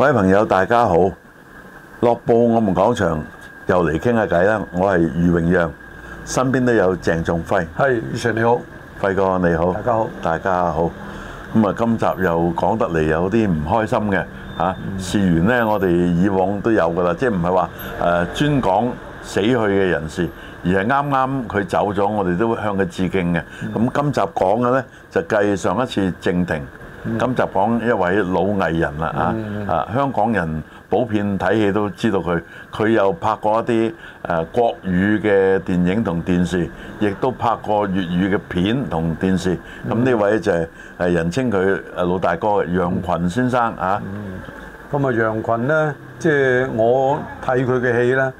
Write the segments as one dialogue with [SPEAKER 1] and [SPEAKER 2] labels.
[SPEAKER 1] 各位朋友，大家好！樂報我們講場又嚟傾下偈啦。我係余榮讓，身邊都有鄭仲輝。係，余 Sir 你好，輝哥你好，大家好，大家好。咁啊，今集又講得嚟有啲唔開心嘅吓。事緣呢，我哋以往都有噶啦，即係唔係話誒專講死去嘅人士，而係啱啱佢走咗，我哋都會向佢致敬嘅。咁今集講嘅咧，就繼上一次政庭。咁就講一位老藝人啦啊！嗯、啊，香港人普遍睇戲都知道佢，佢又拍過一啲誒國語嘅電影同電視，亦都拍過粵語嘅片同電視。咁呢、嗯、位就係係人稱佢誒老大哥、嗯、楊群先生啊。
[SPEAKER 2] 咁啊、嗯嗯，楊群呢，即、就、係、是、我睇佢嘅戲呢，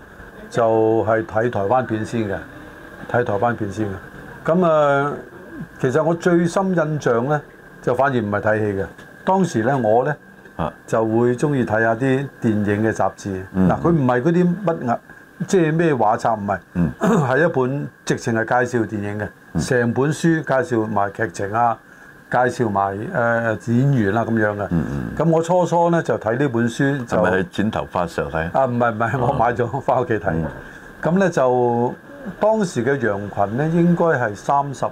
[SPEAKER 2] 就係、是、睇台灣片先嘅，睇台灣片先嘅。咁、嗯、啊，其實我最深印象呢，就反而唔係睇戲嘅。當時咧，我咧就會中意睇下啲電影嘅雜誌。嗱，佢唔係嗰啲乜嘢，即係咩畫冊唔係，係一本直情係介紹電影嘅，成本書介紹埋劇情啊，介紹埋誒演員啊咁樣嘅。咁我初初咧就睇呢本書，就剪頭髮時候睇。啊，唔係唔係，我買咗翻屋企睇。咁咧就當時嘅楊群咧，應該係三十。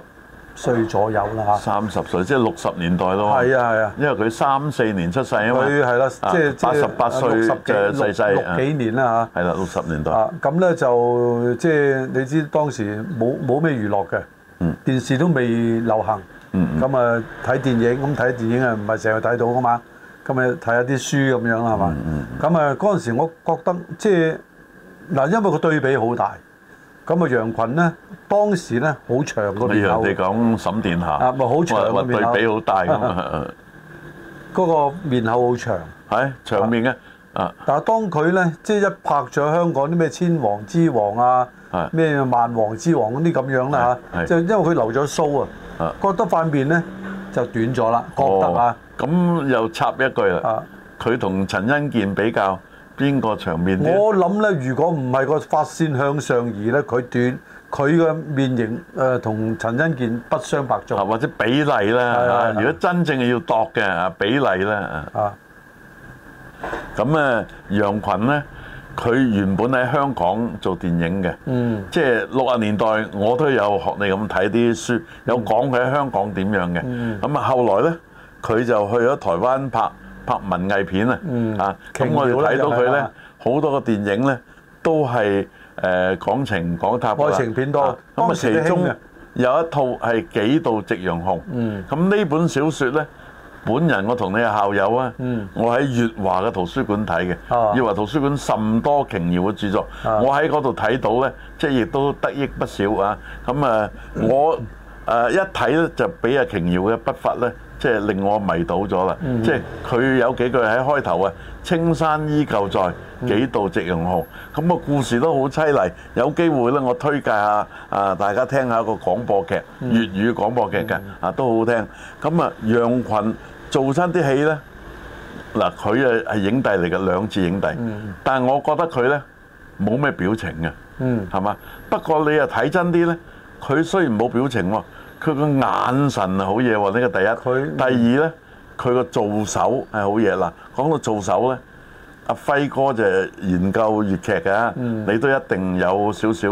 [SPEAKER 2] 歲左右啦嚇，
[SPEAKER 1] 三十歲即係六十年代咯嘛。係啊係啊，因為佢三四年出世，因為係啦，即係八十八歲就細細六幾年啦嚇。係啦，六十年代。
[SPEAKER 2] 咁咧就即係你知當時冇冇咩娛樂嘅，電視都未流行。咁啊睇電影，咁睇電影啊唔係成日睇到噶嘛。咁啊睇下啲書咁樣啦係嘛。咁啊嗰陣時我覺得即係嗱，因為個對比好大，咁啊，楊群咧當時咧好長嗰、呃呃呃呃、個面口。人哋
[SPEAKER 1] 講沈殿霞。啊，咪好長嗰面口。對比好大㗎嘛。
[SPEAKER 2] 嗰個面口好長。係長面嘅。啊。嗱，當佢咧即係一拍咗香港啲咩千王之王啊，咩、啊、萬王之王嗰啲咁樣啦、啊、嚇。就因為佢留咗須啊。啊。啊覺得塊面咧就短咗啦，哦、覺得啊。咁又插一句啦、啊。啊。佢同陳欣健比較。啊啊邊個場面？我諗咧，如果唔係個髮線向上移咧，佢短，佢嘅面型誒同陳欣健不相伯仲，
[SPEAKER 1] 或者比例啦，是是是是是，如果真正係要度嘅啊，比例啦啊。咁啊，楊群咧，佢原本喺香港做電影嘅，嗯，即係六十年代，我都有學你咁睇啲書，有講佢喺香港點樣嘅。咁啊、嗯，後來咧，佢就去咗台灣拍。拍文藝片啊，啊，咁我哋睇到佢咧，好多個電影咧都係誒講情講塔嘅，愛情片多。咁啊，其中有一套係《幾度夕陽紅》，咁呢本小説咧，本人我同你嘅校友啊，我喺粵華嘅圖書館睇嘅，粵華圖書館甚多瓊瑤嘅著作，我喺嗰度睇到咧，即係亦都得益不少啊。咁啊，我誒一睇咧就俾阿瓊瑤嘅筆法咧。即係令我迷倒咗啦！即係佢有幾句喺開頭啊，青山依舊在，幾度夕陽紅。咁個故事都好淒厲。有機會咧，我推介下啊，大家聽下個廣播劇，粵語廣播劇嘅啊，都好好聽。咁啊，楊群做親啲戲咧，嗱佢啊係影帝嚟嘅，兩次影帝，但係我覺得佢咧冇咩表情嘅，係嘛？不過你又睇真啲咧，佢雖然冇表情喎。佢個眼神啊好嘢喎，呢個第一。他第二呢，佢個做手係好嘢。嗱，講到做手呢，阿輝哥就研究粵劇嘅，嗯、你都一定有少少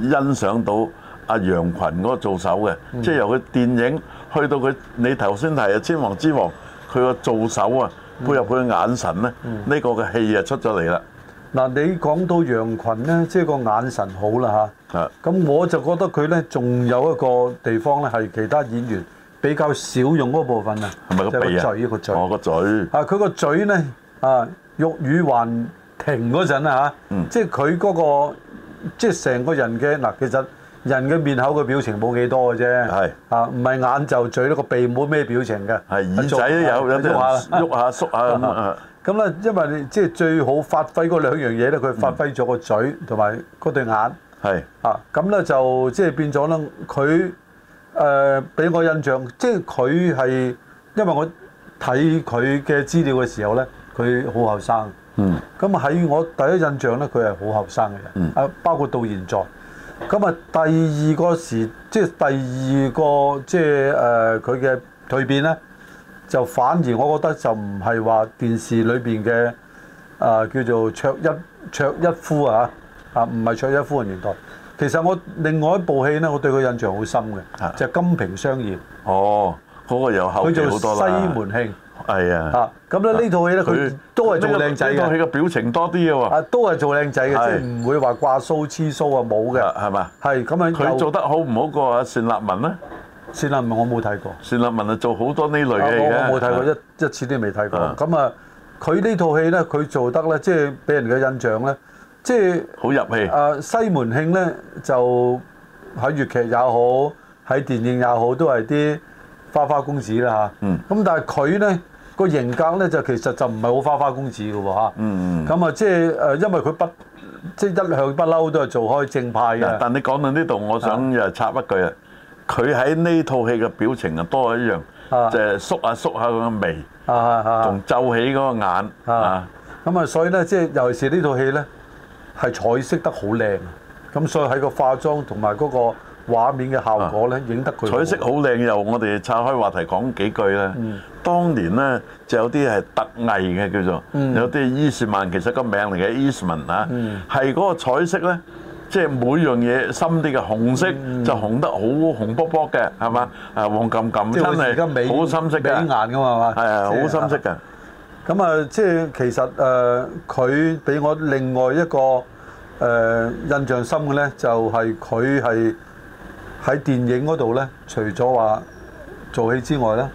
[SPEAKER 1] 欣賞到阿楊群嗰個做手嘅，嗯、即係由佢電影去到佢，你頭先提《千王之王》，佢個做手啊，配合佢眼神呢，呢、嗯、個嘅戲就出咗嚟啦。
[SPEAKER 2] 嗱，你講到楊群咧，即係個眼神好啦嚇。咁是的 我就覺得佢咧仲有一個地方咧，係其他演員比較少用嗰部分，是是啊。係咪個鼻啊？個
[SPEAKER 1] 嘴。哦，個嘴，啊嘴呢。
[SPEAKER 2] 啊，佢個嘴咧啊，欲語還停嗰陣啊嚇。即係佢嗰個，即係成個人嘅嗱、啊，其實人嘅面口嘅表情冇幾多嘅啫。係。啊，唔係的、啊、眼就嘴咯，個鼻冇咩表情嘅。係，耳仔都有，有啲人喐
[SPEAKER 1] 下縮下咁啊。 嗯 嗯
[SPEAKER 2] 咁咧，因為你即係最好發揮嗰兩樣嘢咧，佢、嗯、發揮咗個嘴同埋嗰對眼。係是啊，咁咧就即係變咗咧，佢誒俾我印象，即係佢係因為我睇佢嘅資料嘅時候咧，佢好後生。嗯。咁喺我第一印象咧，佢係好後生嘅人。啊、嗯，包括到現在。咁啊，第二個時，即、就、係、是、第二個，即係誒佢嘅蛻變咧。就反而我覺得就唔係話電視裏邊嘅，啊，叫做卓一，卓一夫啊，啊唔係卓一夫嘅年代。其實我另外一部戲咧，我對佢印象好深嘅，就《金瓶雙艷》。哦，嗰個又後面好多啦。佢做西門慶。係啊。嚇，咁咧呢套戲咧，佢都係做靚仔。呢套戲嘅表情多啲嘅啊，都係做靚仔嘅，即係唔會話掛須黐須啊，冇嘅。係嘛？係咁樣。佢做得好
[SPEAKER 1] 唔好過阿錢立文咧？孫立文我冇睇過，算啦，文啊做好多呢類嘅嘢，我冇睇過一
[SPEAKER 2] 一次都未睇過。咁啊，佢呢套戲咧，佢做得咧，即係俾人嘅印象咧，即係好入戲。啊，西門慶咧就喺粵劇也好，喺電影也好，都係啲花花公子啦吓。嗯。咁但係佢咧個型格咧就其實就唔係好花花公子噶喎吓。嗯嗯。咁啊，即係誒，因為佢不即係一向不嬲都係做開正派嘅。
[SPEAKER 1] 但你講到呢度，我想又插一句啊。佢喺呢套戲嘅表情又多一樣，啊、就縮下縮下個
[SPEAKER 2] 眉，仲、啊啊、皺起嗰個眼。咁啊呢，所以咧，即係尤其是呢套戲咧，係彩色得好靚。咁所以喺個化妝同埋嗰個畫面嘅效果咧，影、啊、得佢。彩色
[SPEAKER 1] 好靚又，我哋岔開話題講幾句啦。嗯、當年咧就有啲係特藝嘅叫做，有啲伊士曼、嗯嗯、其實個名嚟嘅 Eastman 啊，係嗰個彩色咧。即係每樣嘢深啲嘅，紅色就紅得好紅卜卜嘅，係嘛？啊，黃冚冚而家美好深色嘅，眼噶嘛，係啊，好深色嘅。
[SPEAKER 2] 咁啊，即係其實誒，佢、呃、俾我另外一個誒、呃、印象深嘅咧，就係佢係喺電影嗰度咧，除咗話做戲之外咧，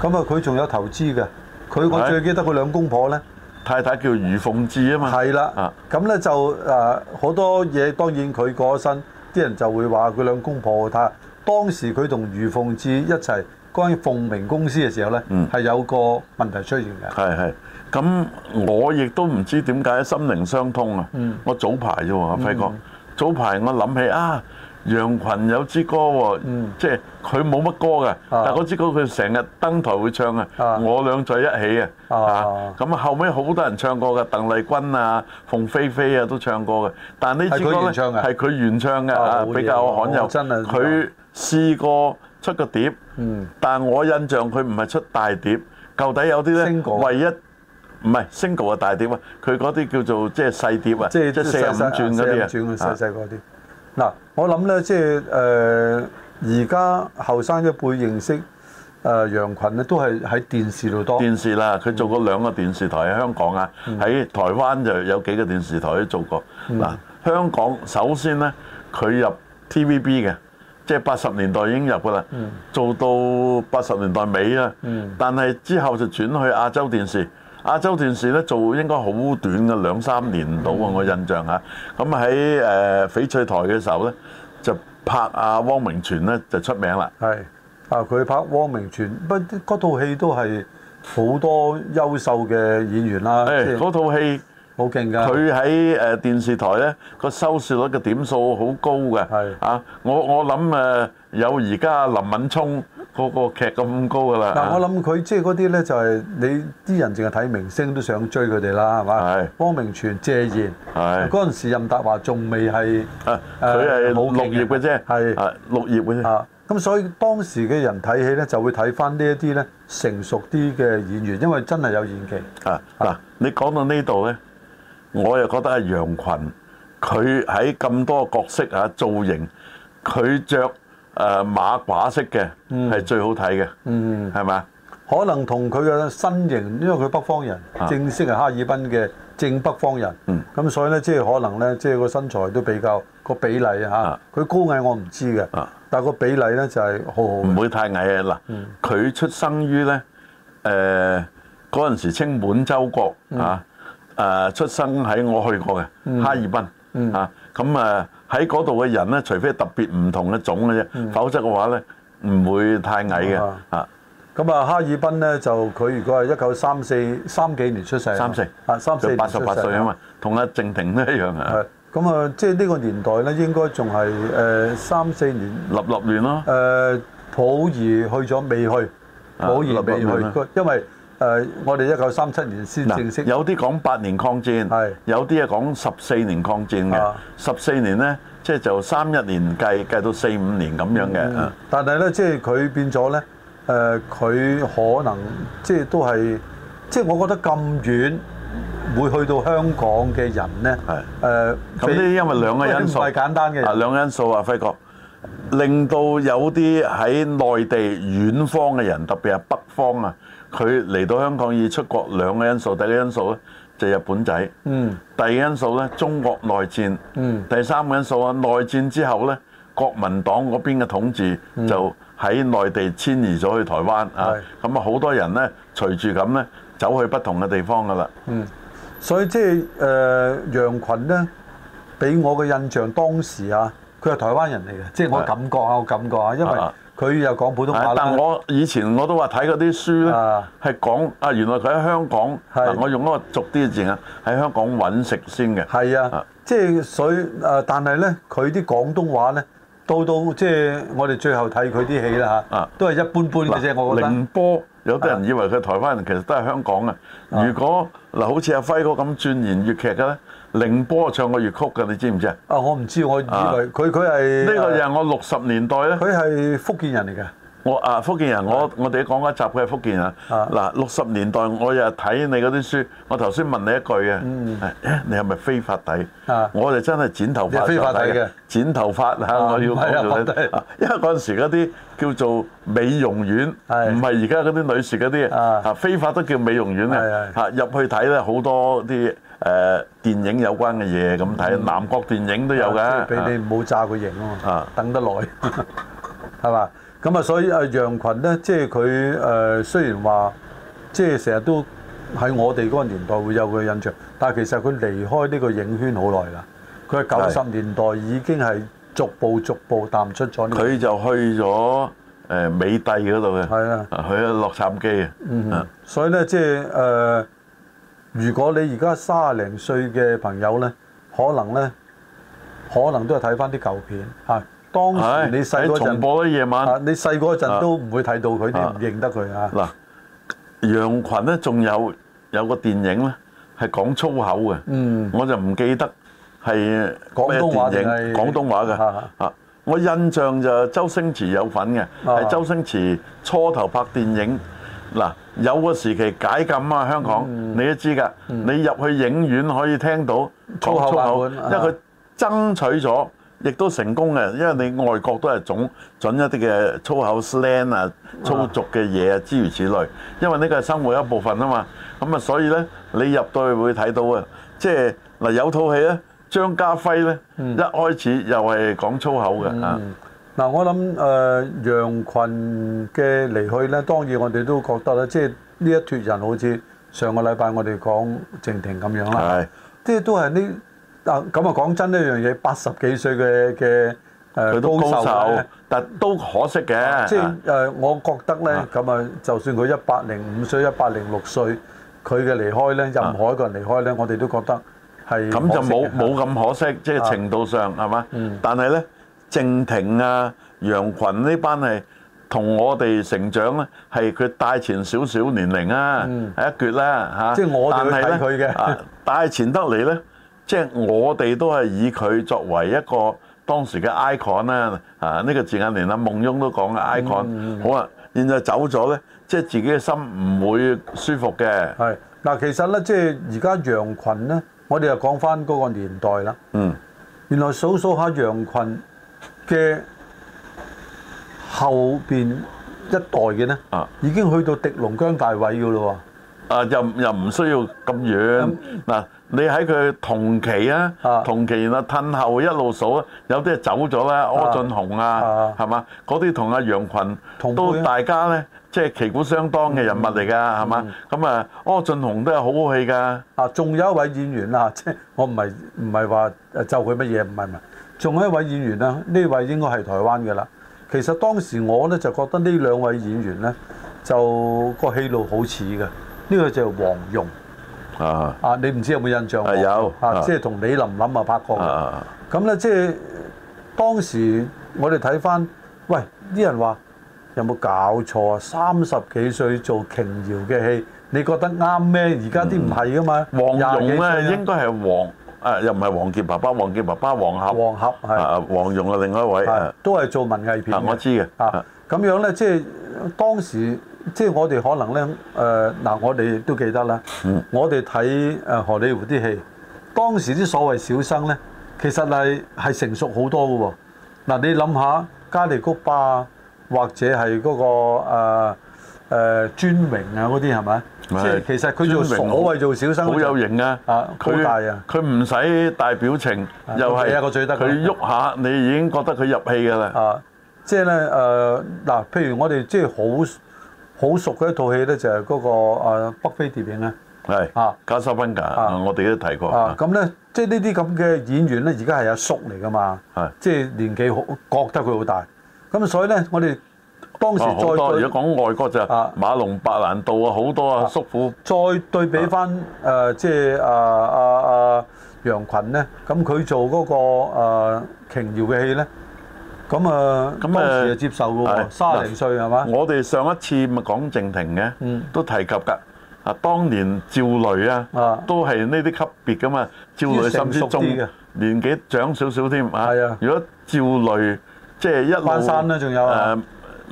[SPEAKER 2] 咁啊佢仲有投資嘅。佢的我最記得佢兩公婆咧。太太叫余鳳志啊嘛，係啦，咁咧就誒好多嘢，當然佢過咗身，啲人就會話佢兩公婆。他當時佢同余鳳志一齊關於鳳鳴公司嘅時候咧，係有個問題出現嘅。係係，咁我亦都唔知點解心
[SPEAKER 1] 靈相通啊！我早排啫喎，阿輝哥，早排我諗起啊。楊群有支歌喎，即係佢冇乜歌嘅，但係嗰支歌佢成日登台會唱啊。我倆在一起啊，咁後尾好多人唱過嘅，鄧麗君啊、鳳飛飛啊都唱過嘅。但係呢支歌咧係佢原唱嘅，比較罕有。真啊，佢試過出個碟，但我印象佢唔係出大碟，舊底有啲咧唯一唔係 single 嘅大碟啊。佢嗰啲叫做即係細碟啊，即係四十五轉嗰啲啊，細細個啲。
[SPEAKER 2] 嗱，我諗咧，即係誒而家後生一輩認識誒楊、呃、群咧，都係喺電視度多。
[SPEAKER 1] 電視啦，佢做過兩個電視台喺香港啊，喺、嗯、台灣就有幾個電視台都做過。嗱、嗯，香港首先咧，佢入 TVB 嘅，即係八十年代已經入噶啦，嗯、做到八十年代尾啦，嗯、但係之後就轉去亞洲電視。亞洲電視咧做應該好短嘅，兩三年到啊。我印象吓，咁喺誒翡翠台嘅時候咧，就拍
[SPEAKER 2] 阿汪明荃咧就出名啦。係，啊佢拍汪明荃，不過嗰套戲都係好多優秀嘅演員啦。誒，嗰套戲好勁㗎。佢
[SPEAKER 1] 喺誒電視台咧，個收視率嘅點數好高㗎。係。啊，我我諗誒有而家林敏聰，個個劇咁高噶啦！嗱、嗯，我
[SPEAKER 2] 諗佢即係嗰啲咧，就係、是、你啲人淨係睇明星都想追佢哋啦，係嘛？係是。汪明荃、謝賢，係嗰陣時任達華仲未係，佢係冇綠葉嘅啫，係、啊、綠葉嘅。啊，咁、啊、所以當時嘅人睇戲咧，就會睇翻呢一啲咧成熟啲嘅演員，因為真係有演技。
[SPEAKER 1] 啊嗱是、啊，你講到呢度咧，我又覺得係楊群佢喺咁多角色啊造型，佢着。誒、呃、馬褂式嘅係、嗯、最好睇嘅，係咪、嗯、
[SPEAKER 2] 可能同佢嘅身形，因為佢北方人，啊、正式係哈爾濱嘅正北方人。咁、嗯嗯、所以呢，即係可能呢，即係個身材都比較個比例嚇。佢、啊、高矮我唔知嘅，啊啊、但係個比例呢就係、好、唔
[SPEAKER 1] 會太矮啊！嗱、啊，佢出生於呢，誒嗰陣時稱滿洲國嚇，誒、啊啊啊、出生喺我去過嘅哈爾濱嚇，咁、啊、誒。嗯喺嗰度嘅人咧，除非係特別唔同嘅種嘅啫，嗯、否則嘅話
[SPEAKER 2] 咧唔會太矮嘅嚇。咁啊，哈爾濱咧就佢如果係一九三四三幾年出世四、啊，三四啊三四就八十八歲啊嘛，同
[SPEAKER 1] 阿靜婷都一樣
[SPEAKER 2] 啊。咁啊、嗯，即係呢個年代咧，應該仲係誒三四年立立亂咯。誒、呃，溥儀去咗未去？溥儀未去，立立因為。誒，我哋一九三七年先正
[SPEAKER 1] 式。有啲講八年抗戰，係有啲啊講十四年抗戰嘅。十四年咧，即係就三一年計，計到四五年咁樣嘅。
[SPEAKER 2] 但係咧，即係佢變咗咧，誒，佢可能即係都係，即係我覺得咁遠會去到香港嘅人咧，誒，咁呢啲因為兩個因素，
[SPEAKER 1] 簡單嘅啊，兩因素啊，輝哥令到有啲喺內地遠方嘅人，特別係北方啊。佢嚟到香港以出國兩個因素，第一個因素咧就日本仔，嗯、第二個因素咧，中國內戰，嗯、第三個因素啊，內戰之後咧，國民黨嗰邊嘅統治就喺內地遷移咗去台灣、嗯、啊，咁啊好多人咧，隨住咁咧走去不同嘅地方噶啦。嗯，
[SPEAKER 2] 所以即係誒楊群咧，俾我嘅印象當時啊，佢係台灣人嚟嘅，即、就、係、是、我感覺啊，的我感覺啊，因為。佢又講普通話。但我
[SPEAKER 1] 以前我都話睇嗰啲書咧，係、啊、講啊原來佢喺香港。嗱係我用嗰個俗啲嘅字啊，喺香港揾食先嘅。係啊，
[SPEAKER 2] 即係所以啊，但係呢，佢啲廣東話呢，到到即係我哋最後睇佢啲戲啦嚇。啊啊、都係一般般嘅啫。我覺得。寧波
[SPEAKER 1] 有啲人以為佢台灣人，啊、其實都係香港嘅。如果嗱，好似阿輝哥咁鑽研粵劇嘅呢。凌波唱過粵曲嘅，你知唔知啊？啊，我唔知，我以為
[SPEAKER 2] 佢佢係呢個又係我六十年代咧。佢係福建人嚟嘅。
[SPEAKER 1] 我啊福建人，我我哋講一集佢係福建人。嗱六十年代我又睇你嗰啲書，我頭先問你一句嘅。你係咪非法底？我哋真係剪頭髮非法底嘅。剪頭髮嚇，我要睇。因為嗰陣時嗰啲叫做美容院，唔係而家嗰啲女士嗰啲啊，非法都叫美容院啊。入去睇咧，好多啲。誒、呃、電影有關嘅嘢咁睇，嗯、南國電影都有嘅，俾你
[SPEAKER 2] 唔好炸佢型啊嘛，等得耐，係嘛？咁啊，所以啊，啊得 所以楊群咧，即係佢誒雖然話，即係成日都喺我哋嗰個年代會有佢嘅印象，但係其實佢離開呢個影圈好耐啦。佢喺九十年代已經係逐步逐步淡出咗呢個
[SPEAKER 1] 影圈，啊。佢就去咗誒美帝嗰度嘅，係啊，去咗洛杉磯啊。嗯，
[SPEAKER 2] 嗯所以咧，即係誒。如果你而家卅零歲嘅朋友咧，可能咧，可能都係睇翻啲舊片嚇、啊。當時你細嗰重播夜晚，你細嗰陣都唔會睇到佢，你唔的認得佢啊。
[SPEAKER 1] 嗱，楊群咧，仲有有個電影咧，係講粗口嘅。嗯，我就唔記得係咩電影，廣東話嘅。啊，我印象就周星馳有份嘅，係的周星馳初頭拍電影嗱。啊啊有個時期解禁啊，香港、嗯、你都知㗎，嗯、你入去影院可以聽到
[SPEAKER 2] 粗口，粗口因為佢
[SPEAKER 1] 爭取咗，亦、啊、都成功嘅，因為你外國都係準準一啲嘅粗口 slang 啊、粗俗嘅嘢啊諸如此類，啊、因為呢個係生活一部分啊嘛，咁啊所以呢，你入到去會睇到嘅，即係嗱有套戲呢，張家輝呢，一開始又係講粗口嘅啊。嗯嗯
[SPEAKER 2] 嗱，我諗誒楊群嘅離去咧，當然我哋都覺得咧，即係呢一脫人好似上個禮拜我哋講靜婷咁樣啦，即係都係呢啊咁啊！講真呢樣嘢，八十幾歲嘅嘅誒高壽，
[SPEAKER 1] 但都可惜嘅。即係
[SPEAKER 2] 誒，我覺得咧，咁啊，就算佢一百零五歲、一百零六歲，佢嘅離開咧，任何一個人離開咧，我哋都覺得係咁就冇冇咁可
[SPEAKER 1] 惜，即係程度上係嘛？但係咧。正廷啊，楊群呢班係同我哋成長咧，係佢大前少少年齡啊，一撅啦嚇。即係我哋去睇佢嘅。大前得嚟咧，即係我哋都係以佢作為一個當時嘅 icon 啦。啊，呢個字眼連阿夢翁都講嘅 icon。好啊，然後走咗咧，即係自己嘅心唔會舒服嘅。係
[SPEAKER 2] 嗱，其實咧，即係而家楊群咧，我哋又講翻嗰個年代啦。嗯，原來數數下楊群。嘅後邊一代嘅咧，已經去到狄龍姜大偉噶咯喎。
[SPEAKER 1] 啊，又又唔需要咁遠。嗱，你喺佢同期啊，同期啊，褪後一路數，有啲係走咗啦，柯俊雄啊，係嘛？嗰啲同阿楊群同都大家咧，即係旗鼓相當嘅人物嚟㗎，係
[SPEAKER 2] 嘛？咁啊，柯俊雄都係好好戲㗎。啊，仲有一位演員啊，即係我唔係唔係話就佢乜嘢，唔係唔係。仲有一位演員啦，呢位應該係台灣嘅啦。其實當時我呢，就覺得呢兩位演員呢，就、那個戲路好似嘅。呢、這個就黃蓉啊啊！你唔知有冇印象有、哎、呦啊，即係同李琳琳、啊拍過咁呢。啊、即係當時我哋睇翻，喂啲人話有冇搞錯啊？三十幾歲做瓊瑤嘅戲，你覺得啱咩？而家啲唔係噶嘛。黃蓉呢、啊、應
[SPEAKER 1] 該係黃。啊！又唔係王傑爸爸、王傑爸爸、王俠、王俠係啊，黃蓉啊，另外一位，都係做文
[SPEAKER 2] 藝片。我知嘅、啊就是就是呃。啊，咁樣咧，即係當時，即係我哋可能咧，誒嗱，我哋都記得啦。嗯。我哋睇誒《荷里活》啲戲，當時啲所謂小生咧，其實係係成熟好多嘅喎、啊。嗱、啊，你諗下，加利谷巴或者係嗰、嗰個誒、呃呃、尊榮啊嗰啲係咪？即係其實佢做所謂做小生好、啊、有型啊！啊，好大啊！佢唔
[SPEAKER 1] 使大表情，又係佢喐下，你已經覺得佢入戲嘅啦。啊，
[SPEAKER 2] 即係咧誒嗱，譬、呃、如我哋即係好好熟嘅一套戲咧，就係嗰個北非諜影咧。係啊，加斯賓格我哋都提過。啊，咁咧、啊，即係呢啲咁嘅演員咧，而家係阿叔嚟噶嘛？係的，即係年紀好，覺得佢好大。咁所以咧，我哋。哦，好多！如果講外國就馬龍、白蘭度啊，好多啊，叔父。再對比翻誒，即係啊啊啊楊群咧，咁佢做嗰個誒瓊瑤嘅戲咧，咁啊，當時就
[SPEAKER 1] 接受嘅喎，三十零歲係嘛？我哋上一次咪講靜婷嘅，都提及㗎。啊，當年趙雷啊，都係呢啲級別嘅嘛。趙雷甚至仲年紀長少少添啊。係啊。如果趙雷即係一路翻山啦，仲有啊。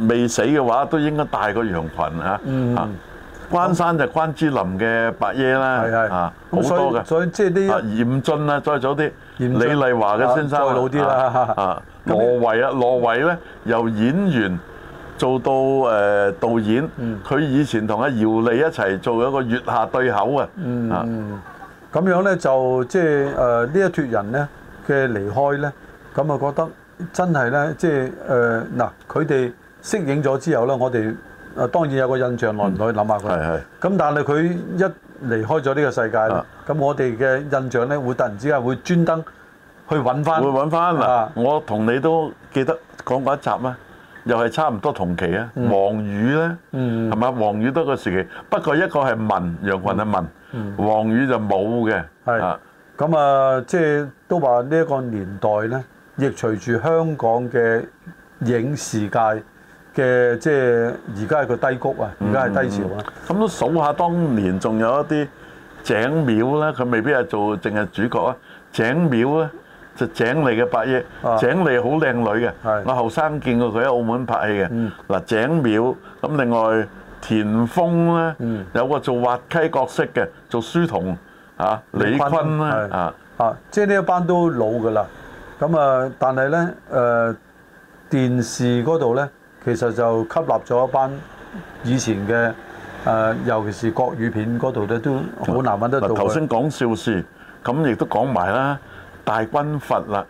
[SPEAKER 1] 未死嘅話，都應該大過楊群嚇。關山就關之琳嘅伯爺啦，啊好多嘅。所以即係呢，嚴俊啊，再早啲，李麗華嘅先生，再老啲啦。啊，羅維啊，羅維咧由演員做到誒導演，佢以前同阿姚莉一齊做一個月下對口啊。嗯，
[SPEAKER 2] 咁樣咧就即係誒呢一脱人咧嘅離開咧，咁啊覺得真係咧即係誒嗱佢哋。適應咗之後咧，我哋啊當然有個印象，耐唔耐諗下佢？係係。咁但係佢一離開咗呢個世界咧，咁我哋嘅印象咧會突然之間會專登去揾翻，會揾翻嗱。
[SPEAKER 1] 我同你都記得講過一集啦，又係差唔多同期啊。黃宇咧，係咪黃宇都個時期？不過一個係文楊群嘅文，黃宇就冇嘅。係。
[SPEAKER 2] 咁啊，即係都話呢一個年代咧，亦隨住香港嘅影視界。嘅即係而家係個低谷啊！而家係低潮啊！咁
[SPEAKER 1] 都數下，當年仲有一啲井淼咧，佢未必係做淨係主角啊。井淼咧就井莉嘅爸爸，井莉好靚女嘅。我後生見過佢喺澳門拍戲嘅嗱。井淼咁，另外田豐咧有個做滑稽角色嘅，做書童啊。李坤咧，啊
[SPEAKER 2] 啊，即係呢一班都老㗎啦。咁啊，但係咧誒電視嗰度咧。其實就吸納咗一班以前嘅誒，尤其是國語片嗰度咧，都好難搵得到嘅。頭先講笑事，咁亦都講
[SPEAKER 1] 埋啦，大軍閥啦，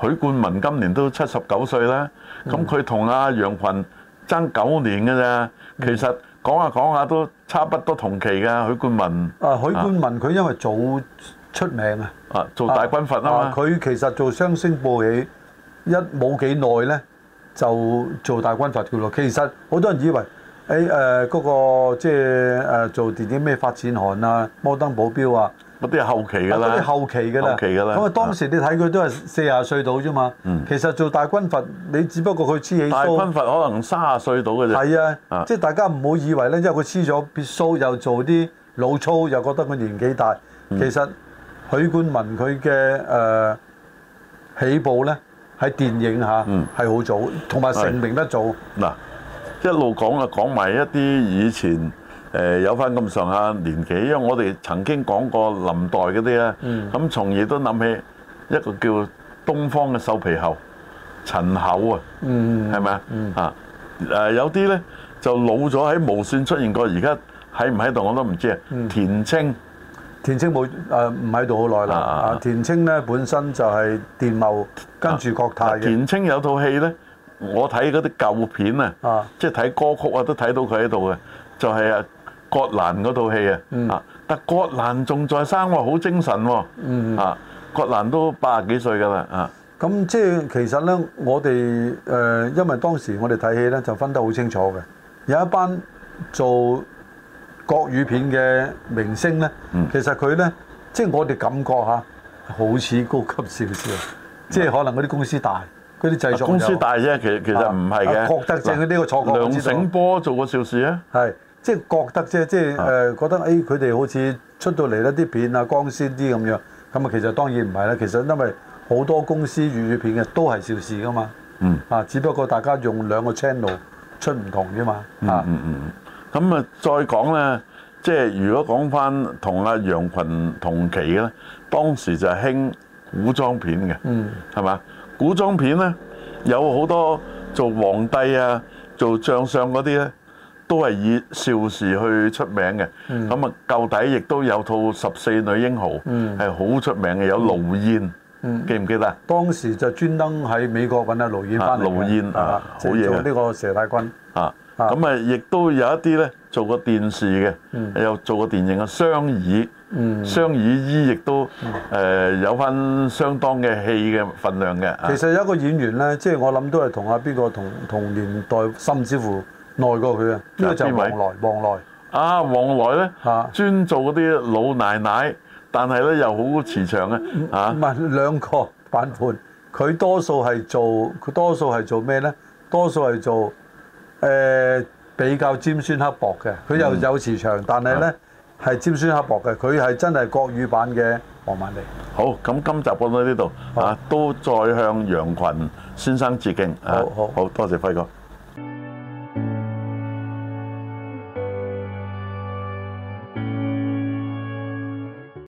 [SPEAKER 1] 許冠文今年都七十九歲啦。咁佢同阿楊群爭九年嘅啫。其實講下講下都差不多同期㗎。許冠文啊，
[SPEAKER 2] 許冠文佢因為早出名啊，
[SPEAKER 1] 啊做大軍閥啊嘛，佢
[SPEAKER 2] 其實做雙星報喜一冇幾耐咧。就做大軍閥叫咯。其實好多人以為，誒誒嗰個即係誒做電影咩發展漢啊、摩登保鏢啊，嗰啲係後期㗎啦。嗰啲後期㗎啦。後期㗎啦。咁啊，當時你睇佢都係四十歲到啫嘛。嗯、其實做大軍閥，你只不過佢黐起鬚。大軍閥可能卅歲到嘅啫。係、嗯、啊。啊即係大家唔好以為咧，因為佢黐咗別鬚，又做啲老粗，又覺得佢年紀大、嗯嗯。其實許冠文佢嘅誒起步咧。喺電影嚇，係好早，同埋、嗯、成名得早。
[SPEAKER 1] 嗱、哎，一路講啊，講埋一啲以前誒、呃、有翻咁上下年紀，因為我哋曾經講過林代嗰啲啊，咁、嗯、從而都諗起一個叫東方嘅瘦皮猴陳厚啊，係咪啊？啊誒，有啲咧就老咗喺無線出現過，而家
[SPEAKER 2] 喺唔喺度我都唔知啊。嗯、田青。田青冇誒唔喺度好耐啦。田青咧本身就係電懋跟住國泰嘅。田青有套戲咧，
[SPEAKER 1] 我睇嗰啲舊片啊，即係睇歌曲啊，都睇到佢喺度嘅，就係啊葛蘭嗰套戲啊。啊，但葛蘭仲在生喎，好精神喎。嗯。啊，葛蘭都八十幾歲㗎啦。啊。
[SPEAKER 2] 咁即係其實咧，我哋誒因為當時我哋睇戲咧，就分得好清楚嘅。有一班做國語片嘅明星咧，嗯、其實佢咧，即、就、係、是、我哋感覺吓，好似高級少少，嗯、即係可能嗰啲公司大，啲製作、啊、公司大啫，其其實唔係嘅。覺得即係呢個錯梁醒波做過邵氏啊？係、哎，即係覺得啫，即係誒覺得哎佢哋好似出到嚟一啲片啊光鮮啲咁樣，咁啊其實當然唔係啦，其實因為好多公司粵語片嘅都係邵氏噶嘛，啊、嗯，只不過大家用兩個 channel 出唔同啫嘛，啊。嗯嗯。咁啊，再講呢？
[SPEAKER 1] 即係如果講翻同阿楊群同期嘅呢，當時就係興古裝片嘅，係嘛、嗯？古裝片呢，有好多做皇帝啊、做將相嗰啲呢，都係以邵氏去出名嘅。咁啊、嗯，舊底亦都有套《十四女英豪》嗯，係好出名嘅，有盧
[SPEAKER 2] 燕，嗯、記唔記得？當時就專登喺美國揾阿盧燕翻嚟、啊，盧燕、嗯、啊，好嘢！即做呢個佘太君啊。
[SPEAKER 1] 咁啊，亦都有一啲咧做過電視嘅，又、嗯、做過電影嘅雙耳，雙耳依，亦都誒有翻相當嘅戲嘅份量嘅。嗯啊、其實
[SPEAKER 2] 有一個演員咧，即、就、係、是、我諗都係同阿邊個同同年代，甚至乎耐過佢啊。王呢就王來、王來。
[SPEAKER 1] 啊，王來咧，專做嗰啲老奶奶，但係咧又好慈祥啊。
[SPEAKER 2] 嚇、啊。唔係兩個版本，佢多數係做，佢多數係做咩咧？多數係做。誒、呃、比較尖酸刻薄嘅，佢又有磁場，但係呢係、嗯、尖酸刻薄嘅，佢係真係國語版嘅黃曼梨。好，
[SPEAKER 1] 咁今集播到呢度啊，都再向楊群先生致敬。好好，好,好多謝輝哥。